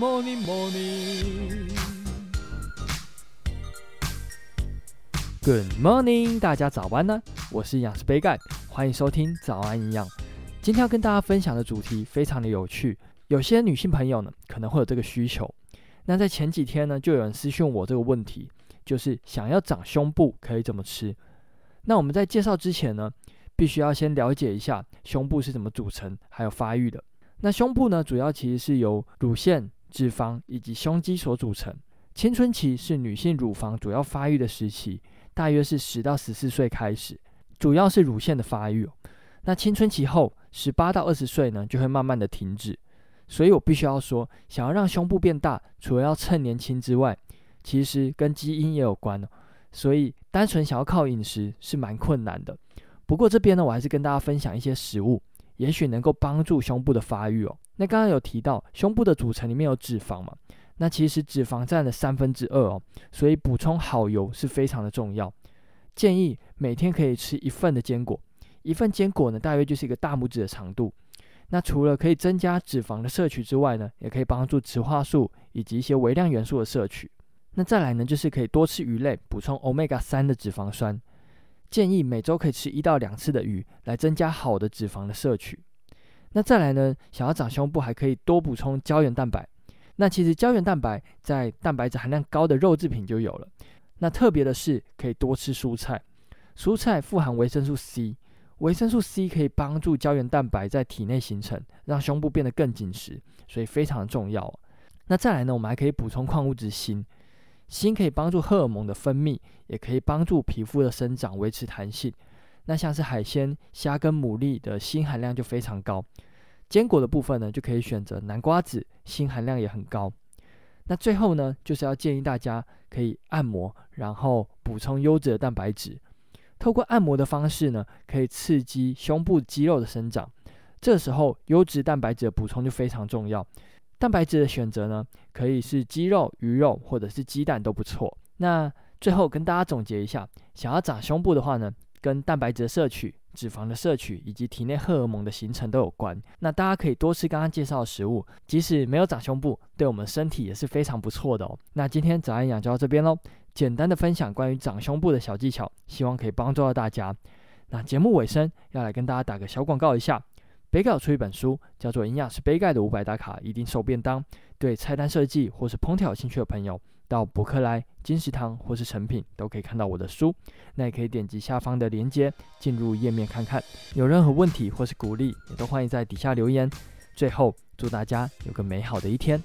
Morning, morning. Good morning, 大家早安呢、啊！我是營養師杯蓋，歡迎收聽早安營養。今天要跟大家分享的主題非常的有趣，有些女性朋友呢可能會有這個需求。那在前幾天呢就有人私訊我這個問題，就是想要長胸部可以怎麼吃？那我們在介紹之前呢，必須要先了解一下胸部是怎麼組成，還有發育的。那胸部呢主要其實是由乳腺。脂肪以及胸肌所組成。青春期是女性乳房主要發育的時期，大約是十到十四歲開始，主要是乳腺的發育哦。那青春期後，十八到二十歲呢，就會慢慢的停止。所以我必須要說，想要讓胸部變大，除了要趁年輕之外，其實跟基因也有關。所以單純想要靠飲食是蠻困難的。不過這邊呢，我還是跟大家分享一些食物，也許能夠幫助胸部的發育哦。那剛剛有提到胸部的組成裡面有脂肪嘛？那其實脂肪占了三分之二哦，所以補充好油是非常的重要。建議每天可以吃一份的堅果，一份堅果呢大約就是一個大拇指的長度。那除了可以增加脂肪的攝取之外呢，也可以幫助植化素以及一些微量元素的攝取。那再來呢就是可以多吃魚類，補充 omega 三的脂肪酸。建議每周可以吃一到兩次的魚，來增加好的脂肪的攝取。那再來呢？想要長胸部，還可以多補充膠原蛋白。那其實膠原蛋白在蛋白質含量高的肉製品就有了。那特別的是，可以多吃蔬菜。蔬菜富含維生素 C，維生素 C 可以幫助膠原蛋白在體內形成，讓胸部變得更緊實，所以非常重要。那再來呢？我們還可以補充礦物質鋅。鋅可以幫助荷爾蒙的分泌，也可以幫助皮膚的生長，維持彈性。那像是海鮮蝦跟牡蠣的鋅含量就非常高，堅果的部分呢，就可以選擇南瓜子，鋅含量也很高。那最後呢，就是要建議大家可以按摩，然後補充優質的蛋白質。透過按摩的方式呢，可以刺激胸部肌肉的生長，這時候優質蛋白質的補充就非常重要。蛋白質的選擇呢，可以是雞肉、魚肉或者是雞蛋都不錯。那最後跟大家總結一下，想要長胸部的話呢。跟蛋白質的攝取、脂肪的攝取以及體內荷爾蒙的形成都有關。那大家可以多吃剛剛介紹的食物，即使沒有長胸部，對我們身體也是非常不錯的哦。那今天早安營養到這邊嘍，簡單的分享關於長胸部的小技巧，希望可以幫助到大家。那節目尾聲要來跟大家打個小廣告一下，杯蓋出一本書叫做《營養師杯蓋的五百大卡一定瘦便當》。對菜單設計或是烹調有興趣的朋友，到博客來、金石堂或是誠品都可以看到我的書。那也可以點擊下方的鏈接進入頁面看看。有任何問題或是鼓勵，也都歡迎在底下留言。最後，祝大家有個美好的一天。